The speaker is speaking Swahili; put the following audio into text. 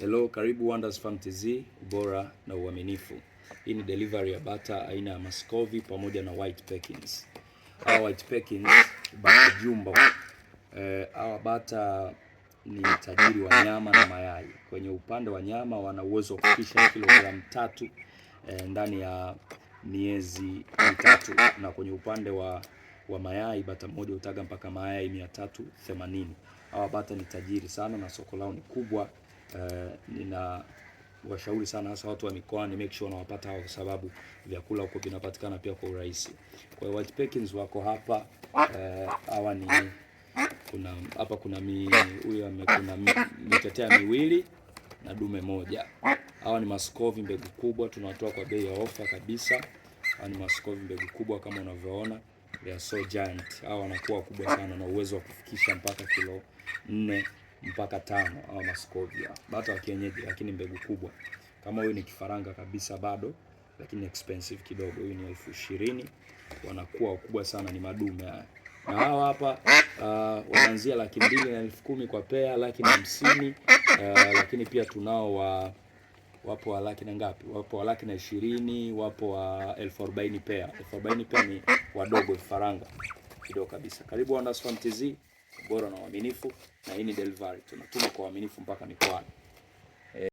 Hello, karibu Wonders Farm TZ, ubora na uaminifu. Hii ni delivery ya bata aina ya Muscovy pamoja na White Pekins. Hawa White Pekins bata jumbo. Eh, hawa bata ni tajiri wa nyama na mayai. Kwenye upande wa nyama wana uwezo wa kufikisha kilogramu tatu eh, ndani ya miezi mitatu na kwenye upande wa wa mayai bata moja hutaga mpaka mayai 380. Hawa bata ni tajiri sana na soko lao ni kubwa eh, nina washauri sana hasa watu wa mikoani, make sure wanawapata hao, kwa sababu vyakula huko vinapatikana pia kwa urahisi. Kwa hiyo White Pekins wako hapa eh, hawa eh, ni kuna hapa kuna mi huyu amekuna mitetea mi, miwili na dume moja. Hawa ni maskovi mbegu kubwa, tunatoa kwa bei ya ofa kabisa. Hawa ni maskovi mbegu kubwa kama unavyoona, they are so giant. Hawa wanakuwa kubwa sana na uwezo wa kufikisha mpaka kilo nne mpaka tano au maskovia bata wa kienyeji, lakini mbegu kubwa. Kama huyu ni kifaranga kabisa bado, lakini expensive kidogo. Huyu ni elfu ishirini. Wanakuwa wakubwa sana, ni madume haya na hawa hapa uh, wanaanzia laki mbili na elfu kumi kwa pea, laki na hamsini uh, lakini pia tunao wa wapo wa laki na ngapi, wapo wa laki na ishirini, wapo wa elfu arobaini pea. Elfu arobaini pea ni wadogo vifaranga kidogo kabisa. Karibu Wonderstone TZ ubora na uaminifu, na hii ni delivery, tunatuma kwa uaminifu mpaka mikoani.